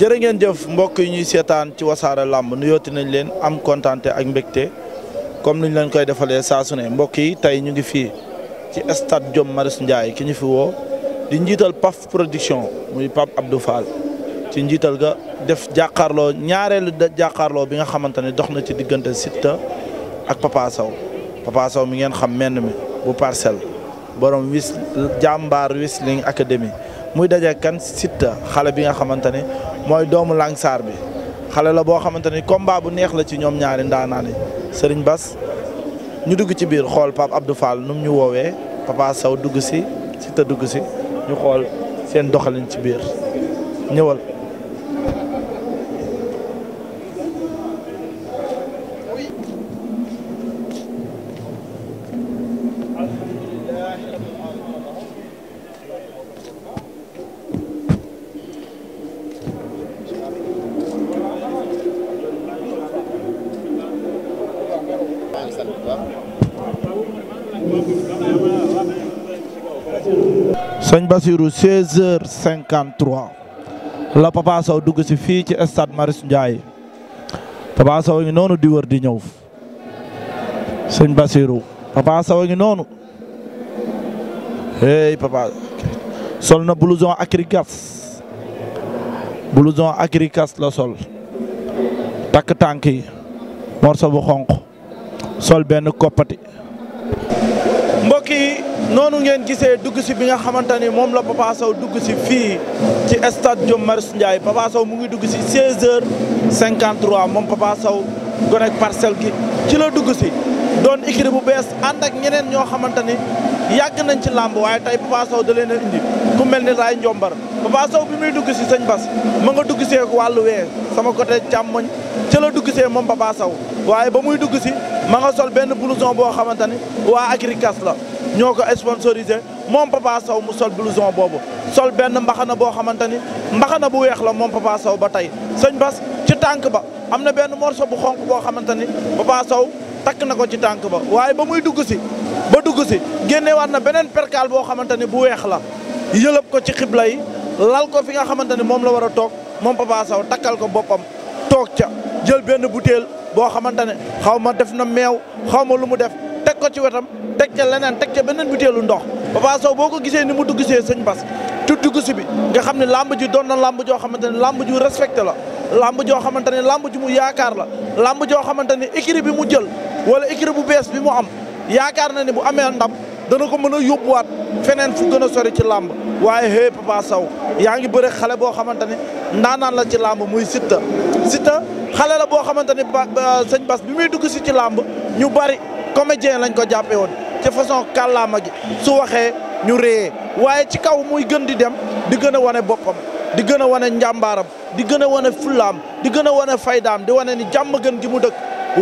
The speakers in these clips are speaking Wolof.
jërë ngeen jëf mbokk yi ñuy seetaan ci wasaare làmb nuyooti nañ leen am kontaan ak mbégte comme niñ leen koy defalee saa ne mbokk yi tey ñu ngi fii ci stade Diop Marius Ndiaye ki ñu fi woo di njiital PAF production muy Pape Abdou faal ci njiital ga def jàkkaarloo ñaareelu jàkkaarloo bi nga xamante ne dox na ci diggante Siteu ak Papa Sow Papa ngeen xam menn mi bu parcelle borom wis jàmbaar Wrestling Academy muy daje kan Siteu xale bi nga xamante ne. mooy doomu Langsar bi xale la boo xamante ni combat bu neex la ci ñoom ñaari ndaanaan yi Serigne Bas ñu dugg ci biir xool Pape Abdou Fall nu ñu woowee Papa saw dugg si si te dugg si ñu xool seen doxalin ci biir ñëwal. sëñ basiru 16 h la Papa Sow dugg si fii ci stade Marius Ndiaye Papa Sow ngi noonu di wër di ñëw sëñ basiru Papa Sow ngi noonu hey Papa sol na blouson acrigas blouson acrigas la sol takk tànk yi morso bu xonq sol benn koppati mbokk noonu ngeen gisee dugg si bi nga xamante ni moom la Papa Sow dugg si fii ci stade Diop Marius Ndiaye Papa Sow mu ngi dugg si 16h53 moom Papa Sow gonek parcelle gi ci la dugg si doon écurie bu bees ànd ak ñeneen ñoo xamante ni yàgg nañ ci làmb waaye tey Papa Sow da leen a indi ku mel ni Laye njombar Papa Sow bi muy dugg si sañ Bas ma nga dugg see wàllu wee sama côté càmmoñ ci la dugg see moom Papa Sow waaye ba muy dugg si ma nga sol benn blouson boo xamante ni waa Agricas la. ñoo ko sponsorisé moom Papa Sow mu sol blouson boobu sol benn mbaxana boo xamante ni mbaxana bu weex la moom Papa Sow ba tey sëñ Bas ci tànk ba am na benn morceau bu xonq boo xamante ni Papa takk na ko ci tànk ba waaye ba muy dugg si ba dugg si génneewaat na beneen perkaal boo xamante ni bu weex la yëlëb ko ci xibla yi lal ko fi nga xamante ni moom la war a toog moom Papa Sow takkal ko boppam toog ca jël benn butéel boo xamante ne xaw ma def na meew xaw ma lu mu def ko ci wetam teg ca leneen teg ca beneen butéelu ndox Papa boo ko gisee ni mu dugg see sëñ Bas tudd ko si bi nga xam ne làmb ji doon na làmb joo xamante ne làmb ju respecté la làmb joo xamante ne làmb ju mu yaakaar la làmb joo xamante ne écurie bi mu jël wala écurie bu bees bi mu am yaakaar na ne bu amee ndam dana ko mën a yóbbuwaat feneen fu gën a sori ci làmb waaye hey Papa yaa ngi bëre xale boo xamante ne ndaanaan la ci làmb muy Siteu Siteu xale la boo xamante ne ba sëñ Bas bi muy dugg si ci làmb ñu bari comédien lañ ko jàppee woon ci façon kàllaama gi su waxee ñu réyee waaye ci kaw muy gën di dem di gën a wane boppam di gën a wane njàmbaaram di gën a wane fullaam di gën a wane faydaam di wane ni jàmm gën gi mu dëkk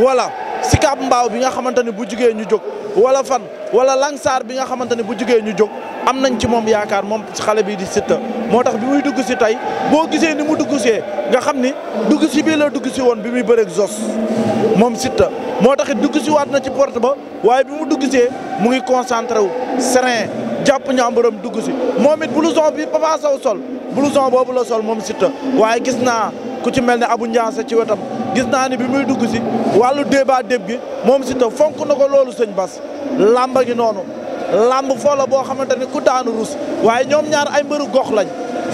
wala Sicap mbaaw bi nga xamante ni bu jugee ñu jóg wala fan wala Langsar bi nga xamante ni bu jugee ñu jóg am nañ ci moom yaakaar moom xale bii di Siteu moo tax bi muy dugg si tey boo gisee ni mu dugg see nga xam ni dugg si bii la dugg si woon bi muy bëreeg moom Siteu moo tax it dugg si waat na ci porte ba waaye bi mu dugg see mu ngi concentré wu serein jàpp ñàmburam dugg si moom it blouson bi Papa Sow sol blouson boobu la sol moom Siteu waaye gis naa ku ci mel ne Abou Ndiassé ci wetam gis naa ni bi muy dugg si wàllu débat déb gi moom Siteu fonk na ko loolu sëñ Bas làmba gi noonu làmb foola boo xamante ni ku daanu rus waaye ñoom ñaar ay mbëru gox lañ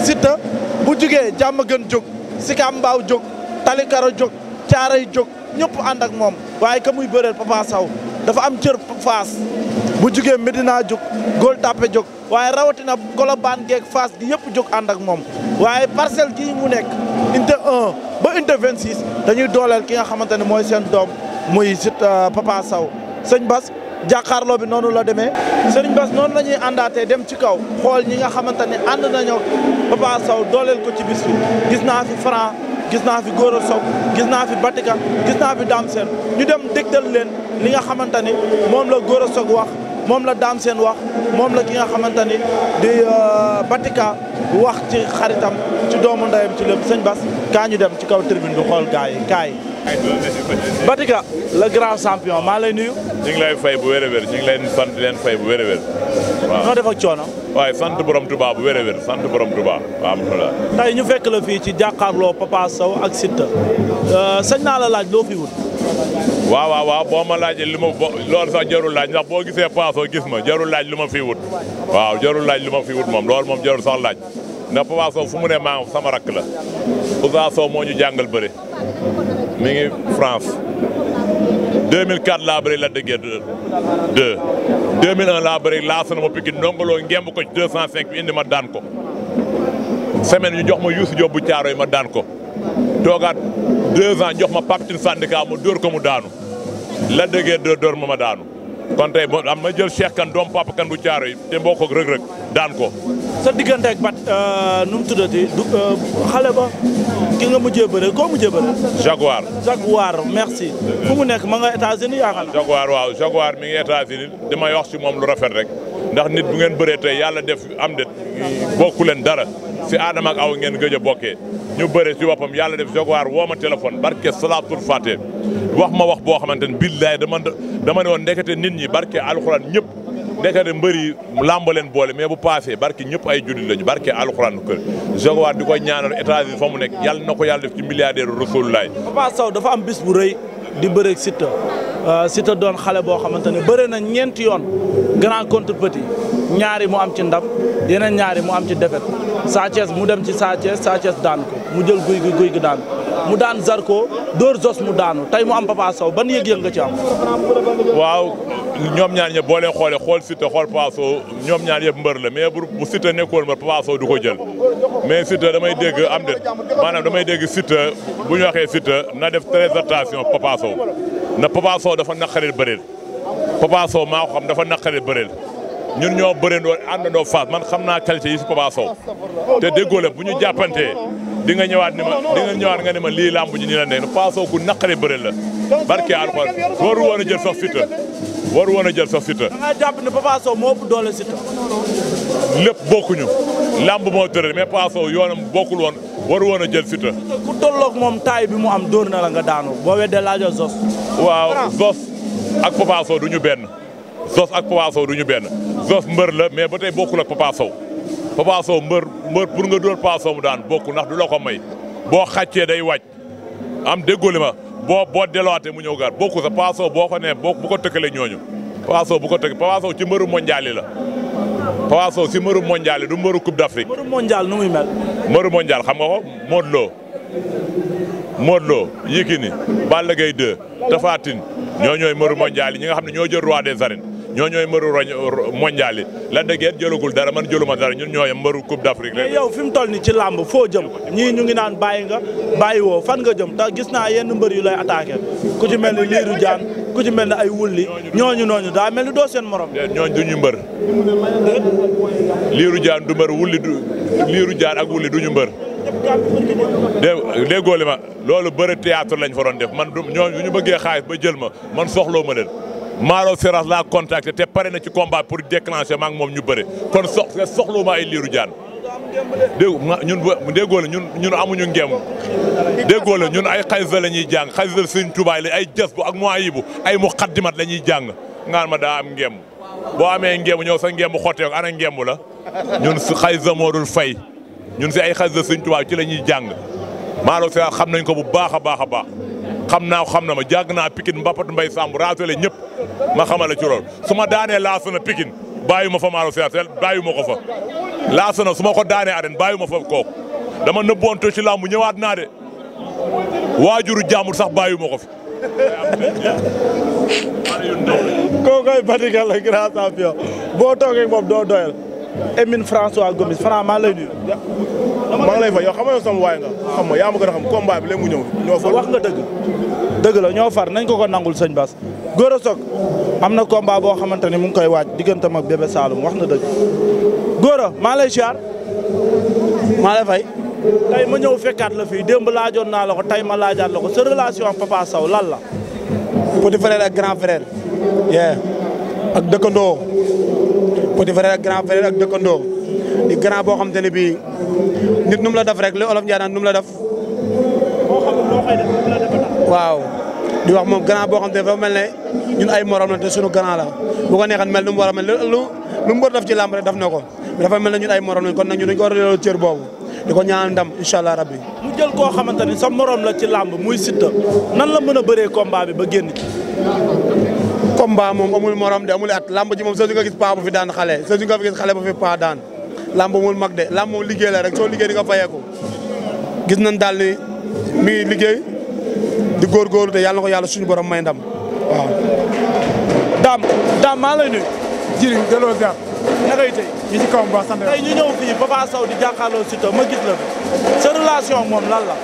sita bu jugee jàmm gën jóg Sika Mbaaw jóg Talikaro jóg caara yi jóg ñëpp ànd ak moom waaye ka muy bëreel Papa Sow dafa am cër faas bu jugee Medina jóg góor Tapée jóg waaye rawatina golo baan geeg faas gi yëpp jóg ànd ak moom waaye parcelle gii mu nekk unité 1 ba unité 26 dañuy dooleel ki nga xamante ne mooy seen doom muy sit euh, Papa Sow sëñ Bas jàkkaarloo bi noonu la demee sëriñ Bas noonu la ñuy àndaatee dem ci kaw xool ñi nga xamante ne ànd nañoo dooleel ko ci bis bi gis naa fi franc gis naa fi Gora Sock gis naa fi Batika gis naa fi Dame ñu dem dégtal leen li nga xamante ni moom la Gora Sock wax moom la Dame wax moom la ki nga xamante ni di euh, Batika wax ci xaritam ci doomu ndeyam ci lépp sëñ Bas kaa ñu dem ci kaw tribune bi xool gaa yi Batika la grand champion maa lay nuyu. ñu fay bu wér a wér ngi leen sant leen fay bu wér a wér waaw noo def coono. waaye sant borom Touba bu wér sant wér sant borom Touba waaw alhamdulilah. tey ñu fekk la fii ci jàkkaarloo Papa Sow ak Siteu euh, sañ naa la laaj loo fi wut. waaw waaw waaw boo ma laajee li ma bo sax jarul laaj ndax boo gisee gis ma jarul laaj lu ma fi wut waaw jarul laaj lu ma fi wut moom lool moom jarul sax laaj na Papa Sow mu ne maa sama rakk la Papa Sow moo ñu jàngal bëre. mi ngi France 2004 la bëri Lac de Guiers 2 2001 laa bëri laasana ma Pikine ndongoloo ngemb ko ci 205 indi ma daan ko semaine ñu jox ma Youssou Diop bu Thiaroye ma daan ko toogaat deux ans jox ma Pape Tine Sandika mu dóor ko mu daanu la Lac de Guiers 2 dóor ma ma daanu kon tey boo am na jël Cheikh kan doom papa kan bu caaro yi te mbokk ak rëg-rëg daan ko. sa diggante ak bat euh, nu mu tuddati du euh, xale ba ki nga mujjee bëre koo mujjee bëre. Jaguar. Jaguar merci. fu mu nekk ma nga États-Unis yaakaar naa. Jaguar waaw Jaguar mi ngi États-Unis damay wax si moom lu rafet rek ndax nit bu ngeen bëree tey yàlla def am det bokku leen dara. si aadama ak aw ngeen gëj a bokkee ñu bëre si boppam yàlla def Jaguar woo ma téléphone barke salaatul faate wax ma wax boo xamante ne billaay dama dama ne woon ndekete nit ñi barke alxuraan ñëpp ndekete mbër yi làmb leen boole mais bu paasee barke ñëpp ay jullit lañu barke alxuraan kër Jaguar di ko ñaanal États-Unis fa mu nekk yàlla na ko yàlla def ci milliardaire rasulullaay Papa Sow dafa am bis bu rëy di bëreeg Siteu euh, Siteu doon xale boo xamante ne bëre na ñeenti yoon grand contre ñaari mu am ci ndam yeneen ñaari mu am ci defet Sa mu dem ci Sa Thiès daan ko mu jël guy gi guy gi daan mu daan Zarko dóor Zos mu daanu tey mu am Papa Sow ban yëg nga ci am. waaw ñoom ñaar ñëpp boo leen xoolee xool Siteu xool Papa Sow ñoom ñaar ñëpp mbër la mais bu Siteu nekkoon mbër Papa Sow du ko jël. mais Siteu damay dégg am de maanaam damay dégg Siteu bu ñu waxee Siteu na def très attention Papa na Papa dafa naqaree bëreel Papa Sow maa ko xam dafa naqaree bëreel. ñun ñoo bërendoo àndandoo Fass man xam naa qualité yi si Papa Sow te déggoo bu ñu jàppantee di nga ñëwaat ni ma di nga ñëwaat nga ne ma lii làmb ñu nii la nekk Papa Sow ku naqare bëre la barke war waru woon a jël sax fitta waru woon a jël sax jàpp ne Papa Sow moo doole sita lépp bokkuñu làmb moo tëral mais Papa Sow yoonam woon waru woon a jël fitta ku moom taay bi mu am dóor na la nga daanu boo weddee laajoo Zos waaw Zos ak Papa du ñu benn Zoss ak Papa du ñu benn Zoss mbër la mais ba tey bokkul ak Papa Sow Papa Sow mbër mbër nga dóor Papa mu daan bokkul ndax du la ko may boo xàccee day wàcc am déggoli ma boo boo delluwaatee mu ñëw gar bokkul sa Papa boo ko nee boo bu ko tëkkalee ñooñu Papa Sow bu ko tëkk Papa ci mbëru mondial yi la Papa Sow si mbëru mondial du mbëru coupe d'Afrique. mbëru mondial nu muy mel. mbëru mondial xam nga ko Modou Lo Modou Lo Yékini Balla Gaye 2 Tapha Tine ñi nga xam ne ñoo jël roi des arènes ñoo ñooy mbëru roñ mondial yi la dëggeet jëlagul dara man jëluma dara ñun ñooy mbëru coupe d'Afrique mais yow fi mu toll ni ci làmb foo jëm ñii ñu ngi naan bàyyi nga bàyyi woo fan nga jëm te gis naa yenn mbër yu lay attaqué ku ci mel ni liiru jaan ku ci mel ni ay wulli ñooñu nooñu daa mel ni doo seen morom ñooñ du ñu mbër liiru jaan du mbër wulli du liiru jaan ak wulli du ñu mbër dé ma loolu bëri théâtre lañ fa doon def man ñoo ñu bëggee xaalis ba jël ma man soxloo ma Maro Ferraz la contacté te pare na ci combat pour déclencher ma ak moom ñu bëre kon sox soxluwuma ay liiru jaan. dégg ma ñun bu déggoo ñun ñun amuñu ngeem déggoo ñun ay xas la ñuy jàng xasida Sëriñ Tuubaa la ay jës bu ak mu ayibu ay mu xaddimat la ñuy jàng ngaan ma daa am ngem boo amee ngeem ñëw sa ngem ngeem xottee ana ngeem la ñun su xasida moo dul fay ñun si ay xasida Sëriñ Tuubaa ci la ñuy jàng Maro Ferraz xam nañ ko bu baax a baax a baax. xam naa xam na ma jàng naa Pikine Mbapat Mbaye Samb raatale ñëpp ma xamala ci su ma daanee laasana pikin bàyyi ma fa maaro siatel bàyyi ma ko fa laasana su ma ko daanee aren bàyyi ma fa kooku dama nëbboonto ci làmb ñëwaat naa de waajuru jàmbur sax bàyyi ma ko fi koo koy batigal la grand champion boo toogee moom doo doyal Emine François Gomis Franc maa lay ngi lay fa yow xam nga yow waay nga xam nga yaa ma gën a xam combat bi mu ñëw. ñoo far wax nga dëgg. dëgg la ñoo far nañ ko ko nangul sëñ Bass. Gora Sock am na combat boo xamante ni mu ngi koy waaj digganteem ak Bébé Saloum wax nga dëgg. Gora maa lay siyaar. fay. tey ma ñëw fekkaat la fii démb laajoon naa la ko tey ma laajaat la ko sa relation ak lan la. petit frère ak grand frère. yeah ak dëkkandoo. petit frère ak dëkkandoo di grand boo xam ne bii nit nu la def rek li olof Ndiaye naan nu la def. waaw di wax moom grand boo xam te dafa mel ne ñun ay morom la te la bu ko neexan mel nu mu war a mel lu lu mu war def ci làmb rek def na ko dafa mel ne ñun ay morom la kon nag ñu dañu ko war a delloo cër boobu di ko ñaan ndam incha allah rabbi. mu jël koo xamante ni sa morom la ci làmb muy nan la mën a bëree combat bi ba génn combat moom amul morom de amul at lamb ji moom soo nga gis paa bu fi daan xale soo nga gis xale bu fi paa daan lamb moom liggéey la rek soo liggéey di nga fayeeku gis daal ni mi liggéey di góorgóorlu te yàlla na ko yàlla suñu borom may ndam waaw. daam daam maa lay nuyu. jërëjëf delloo ziar. naka yi tey ñu ci kawam baax sant tey ñu ma gis la sa relation moom lan la.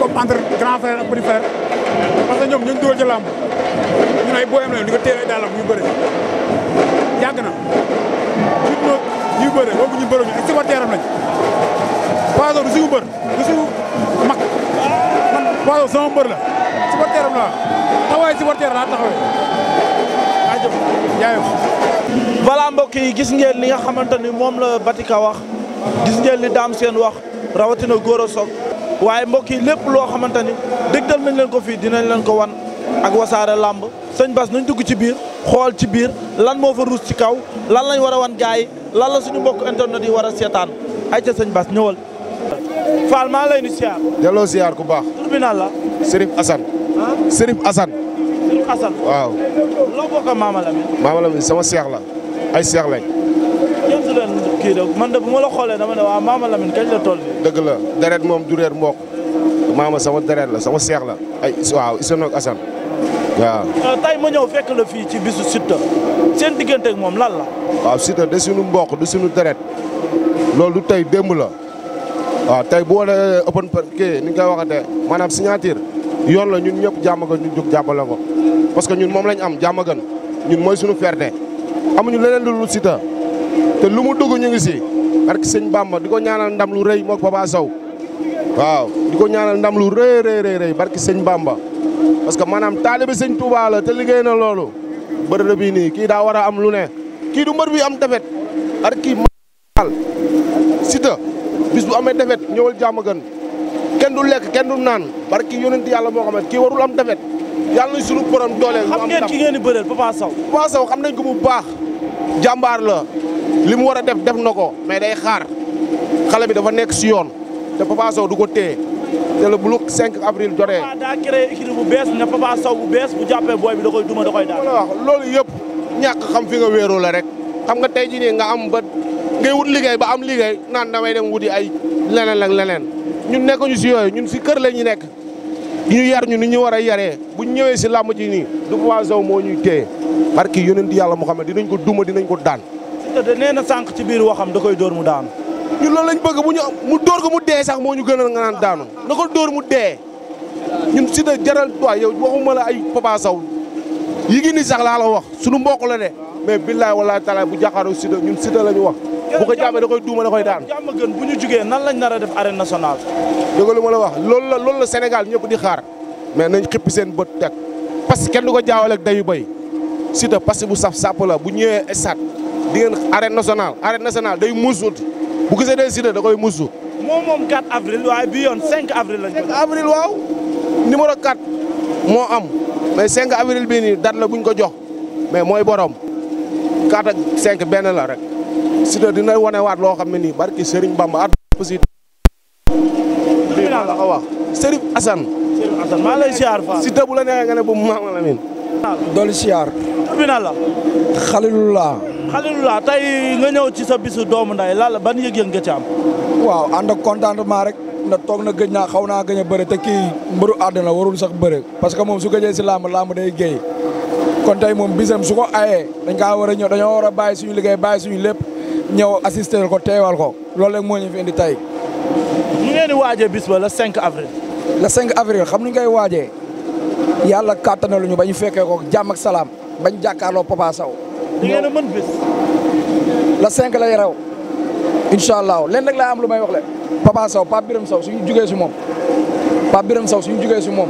Papa grand frère parce ñoom ñu dugal ci làmb ñun ay booyam lañu di ko daalam ñu bëri yàgg na ñun ñoo ñu bëri boobu ñu bëri ñu ay supporteram lañ Paaso du suñu bër du mag man sama bër la supporteram la taxawaay supporter laa taxawee jaajëf mbokk yi gis ngeen li nga xamante ni moom la Batika wax gis ngeen li Dame Sène wax rawatina góor a Sock waaye mbokk yi lépp loo xamante ni dégtal nañ leen ko fii dinañ leen ko wan ak wasaare làmb sëñ Bas nañ dugg ci biir xool ci biir lan moo fa ruus ci kaw lan lañu war a wan gars yi lan la suñu mbokk internet yi war a seetaan ay ca sëñ Bas ñëwal. Fall maa lay nu siyaar. delloo siyaar ku baax. tur bi naan la. Serigne Assane. ah Serigne Assane. Serigne Assane. waaw. loo bokk ak Maama sama seex la ay seex kii de man de bu ma la xoolee dama ne waa maama Lamine kañ la toll nii. deret moom du reer mboq maama sama deret la sama seex la ay waaw Isane ak euh, ma ñëw fekk la fii ci bisu Siteu seen diggante moom lan la. waaw Siteu de suñu mboq du suñu deret loolu tey démb la waaw tey bu wëree open kii ni nga koy waxatee yoon la ñun ñëpp jàmm gan ñu jóg jàppale parce que ñun moom lañ am jàmm gan ñun mooy suñu fierté amuñu leneen lu dul te lu mu dugg ñu ngi si barke sëñ Bamba di ko ñaanal ndam lu rey mook Papa Sow waaw di ko ñaanal ndam lu rëy rëy rëy barke sëñ Bamba parce que maanaam taalibe sëñ Touba la te liggéey na loolu bërëb bi nii kii daa war a am lu ne kii du mbër am defet ar kii maal sita bis bu amee defet ñëwal jàmm gën kenn du lekk kenn du naan barki yonent yàlla moo xamante kii warul am defet yàlla nañ sunu borom dooleel. xam ngeen ki ngeen di bëreel Papa Sow. Papa Sow xam nañ ko bu baax jàmbaar la li mu war a def def na ko mais day xaar xale bi dafa nekk si yoon te Papa Sow du ko téye te le bloc 5 avril jotee. waaw daa bu bees ne Papa Sow bu bees bu jàppee booy bi da koy duma da koy daal. wax loolu yëpp ñàkk xam fi nga wéeroo la rek xam nga tey jii nii nga am ba ngay wut liggéey ba am liggéey naan damay dem wuti ay leneen ak leneen ñun nekkuñu si yooyu ñun si kër la ñu nekk. ñu yar ñu ni ñu war a yare bu ñëwee si làmb ji nii du Papa moo ñu téye barki yonent yàlla moo xam ne ko duma dinañ ko daan. nee na sànq ci biir waxam da koy dóor mu daanu. ñun loolu lañ bëgg bu ñu mu dóor ko mu dee sax moo ñu gënal nga naan daanu na ko dóor mu dee ñun si jaral waay yow waxuma la ay Papa Sow yi ngi ni sax laa la wax sunu mbokk la de mais billaay walaay talaay bu jaxaru si ñun si lañu wax. bu ko jàmmee da koy duuma da koy daan jàmm gën bu ñu jugee nan lañ nar a def arène nationale. dëgg lu ma la wax loolu la loolu la Sénégal ñëpp di xaar mais nañ xippi seen bët teg parce que kenn du ko jaawale ak bay si da parce que bu saf sàpp bu ñëwee stade di ngeen arène nationale arène nationale day muusut bu gisee day Siteu koy muusu. moom moom waaye bi yoon 5 avril lañ waaw numéro 4 moo am mais 5 avril bii buñ ko jox mais mooy borom 4 ak 5 rek Siteu dina wanewaat loo xam ne nii barki Serigne Bamba at aussi. la ko wax maa lay siyaar fa bu la neexee nga Khalilullah tey nga ñëw ci sa bisu doomu nday la ban yëg-yëg nga ci am. waaw ànd ak contentement rek na toog na gëj naa xaw naa gëj a bëre te mbëru àddina warul sax bëre parce que moom su gëjee si làmb làmb day géey kon tey moom bisam su ko ayee dañ kaa war a ñëw dañoo war a bàyyi suñu liggéey bàyyi suñu lépp ñëw assister ko teewal ko loolu moo ñu fi indi tey. ñu ngeen di waajee bis ba le 5 avril. le 5 avril xam nu ñu koy waajee yàlla kàttanaluñu ba ñu fekkee ko jàmm ak salaam bañ jàkkaarloo Papa Sow di ngeen a mën bis la cinq lay raw allah leen rek laa am lu may wax le Papa Sow Pape Birame Sow suñu jugee si moom Pape Birame Sow suñu jugee si moom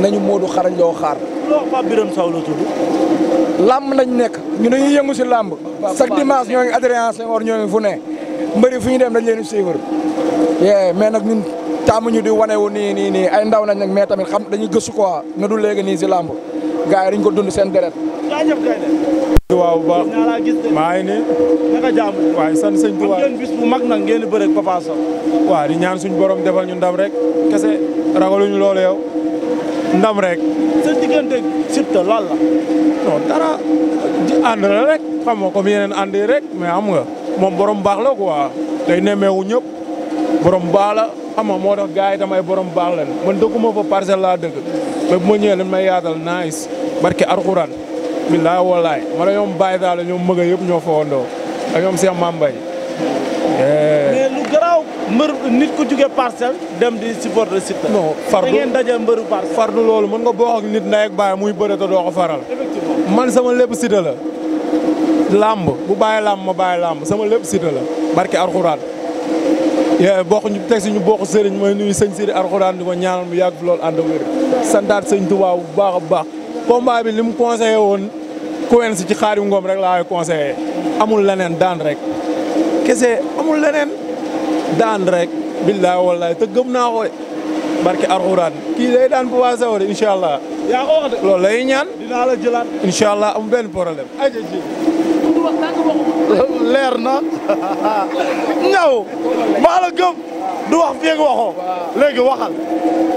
nañu Modou xarañ loo xaar. loo Pape Birame Sow la tudd. nekk ñu dañuy yëngu si làmb. chaque dimanche ñoo ngi Adrien Senghor ñoo fu ne mbëri fu ñu dem dañ leen di suivre. mais nag ñu tàmmuñu di wane wu nii nii nii ay ndaw nañ nag mais tamit xam dañuy gëstu quoi na du léegi nii si làmb gars yi dañ ko dund seen deret. jaajëf waaw bu baax maa ngi nii. naka waaye sant sëñ Tuubaa ngeen bis bu mag nag ngeen di bëre Papa Sow. waaw di ñaan suñu borom defal ñu ndam rek kese ragaluñu loolu yow ndam rek. sa diggante Siteu lan la. non dara ji ànd la rek xam nga yeneen ànd yi rek mais am nga moom borom baax la quoi day nemmeewu ñëpp borom baax la xam nga moo tax gars yi tam ay borom baax leen man dëkkuma fa parcelle laa dëkk mais bu ma ñëwee dañ may yaatal nice barke Alxuraan billaay walaay man ñoom Baye Daal ñoom Mëga yëpp ñoo fa wandoo ak ñoom Cheikh Mambay. Eh. mais lu garaaw mbër nit ku jugee dem di supporter Siteu. fardu loolu mën nga bokk nit ndey baay muy bëre te doo ko faral. man sama lépp Siteu la. làmb bu bàyyi làmb ma bàyyi làmb sama lépp Siteu la barke Alxuraan. yee bokk ñu teg si ñu sëriñ mooy nuyu sëñ Sidi Alxuraan di ma mu yàgg lool ànd santaat sëñ Tuubaa bu baax baax combat bi li mu conseillé woon Kouwens ci xaari ngoom rek laa koy conseillé amul leneen daan rek kese amul leneen daan rek billaay wallaay te gëm naa ko de barke Alxuraan kii day daan bu waa Sow de incha allah. yaa ko wax de loolu jëlaat. incha allah amul benn problème. ayca ji leer na ñaw maa la gëm. du wax fii ak waxoo. léegi waxal.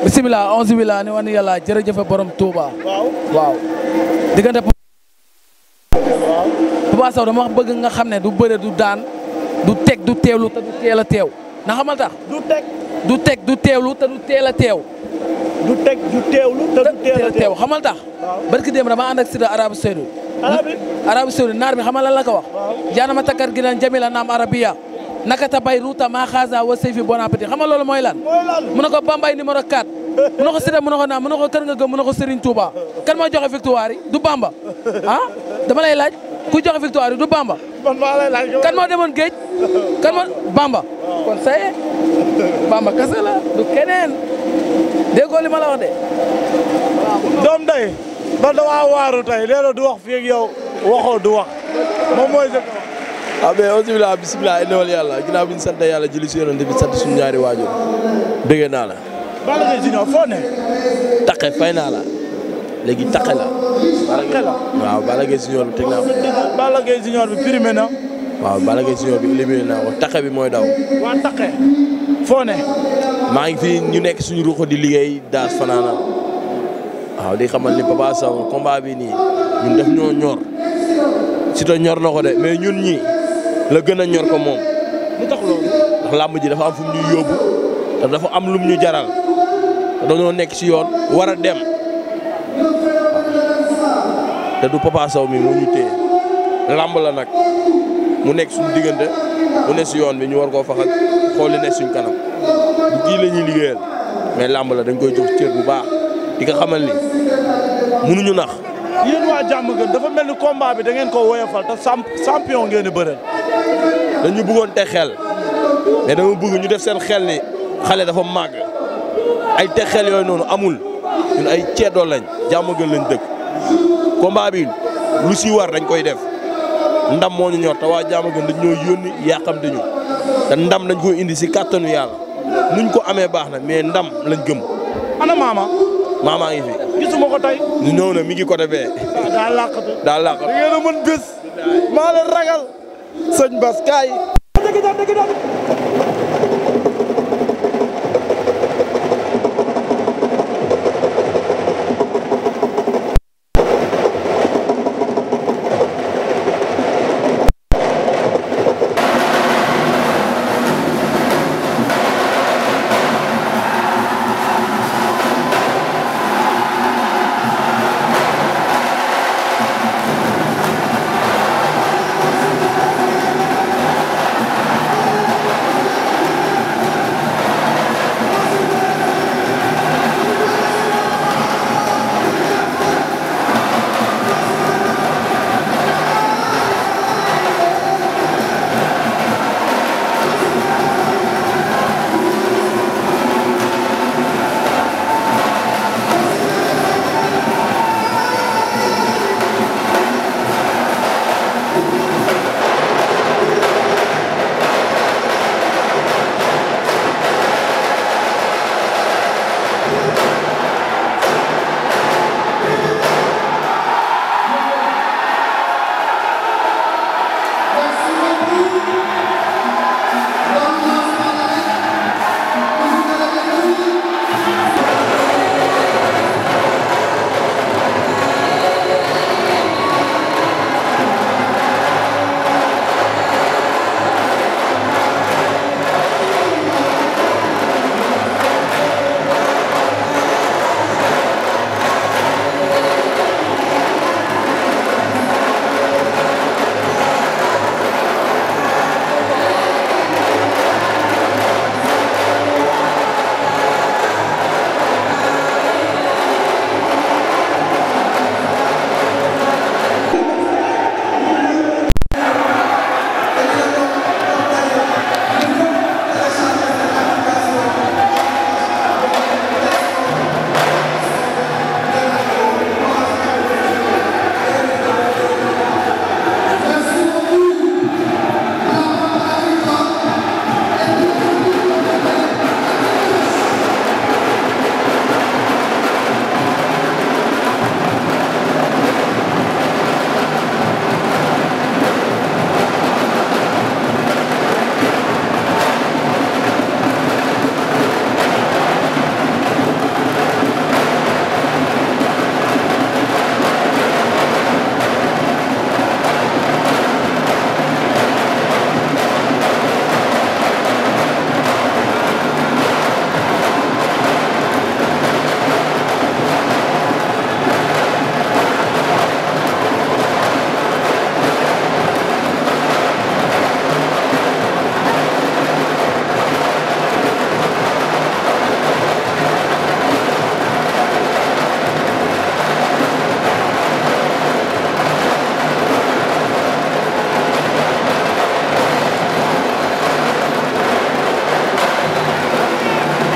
bisimilah onze billah ni wani yàlla jërëjëf borom Touba. waaw waaw. diggante Papa Sow dama bëgg nga xam ne du bëre du daan du teg du teewlu te du teel a teew na xamal tax. du teg du teg du du teel a teew. du teg du teewlu teew xamal tax. waaw barki démb dama ànd sida Arabie Saoudite. Arabie Saoudite naar bi xamal lan la ko wax. waaw jaanama takkar gi naan jamila naam arabiya nakata bay ruuta maa xaasa wa seyfi bon appétit xam nga loolu mooy lan bambay numéro 4 mu ne ko sita mu kër nga gëm mu ne ko kan moo joxe victoire du Bamba a ah? dama lay laaj ku joxe victoire du Bamba kan moo demoon géej kan moo Bamba kon saye Bamba kase du keneen déggoo li ma wax de doom day ba dawaa waaru tey léeg du wax fii ak yow waxoo du wax moom mooy waaw ah, mais aussi bilaa bisimilah indi wal yàlla ginnaaw bi ñu sant yàlla julli si yonent bi sant suñu ñaari waajur bëggee naa la. Balla Gaye Junior foo ne. taqe fay naa la léegi taqe la. taqe la waaw Balla Gaye Junior bi teg naa ko. Balla Gaye Junior bi primé na. waaw Balla Gaye Junior bi éliminé naa ko taqe bi mooy daw. waa taqe foo ne. maa ngi fi ñu nekk suñu ruuxu di liggéey daas fanaana waaw di xamal ni Papa Sow combat bi nii ñun def ñoo ñor si to ñor na ko de mais ñun ñi la gën a ñor ko moom. lu tax làmb ji dafa am fu mu yóbbu te dafa am lum ñu jaral dañoo nekk ci yoon war a dem te du Papa Sow mi moo ñu téye làmb la nag mu nekk suñu diggante mu ne si yoon bi ñu war koo faxal xool li ne suñ kanam bu kii la ñuy liggéeyal mais làmb la dañ koy jox cër bu baax di ko xamal ni mënuñu nax. yéen waa jàmm gën dafa mel ni combat bi da ngeen ko woyofal te champion ngeen di bëreel dañu bëggoon teg xel mais dama bëgg ñu def seen xel ni xale dafa màgg ay teg xel yooyu noonu amul ñun ay ceedoo lañ jàmm gën lañ dëkk combat bi lu si war dañ koy def ndam moo ñu ñor te dañ ñoo yónni yàqamte ñu te ndam dañ koy indi si kàttanu yàlla nuñ ko amee baax na mais ndam lañ gëm. ana maama. maama ngi fi. gisuma ko tey. ñëw na mi ngi côté bee. daa làqatu. daa làqatu. da mën bés. maa ragal. sëñ Bass kaay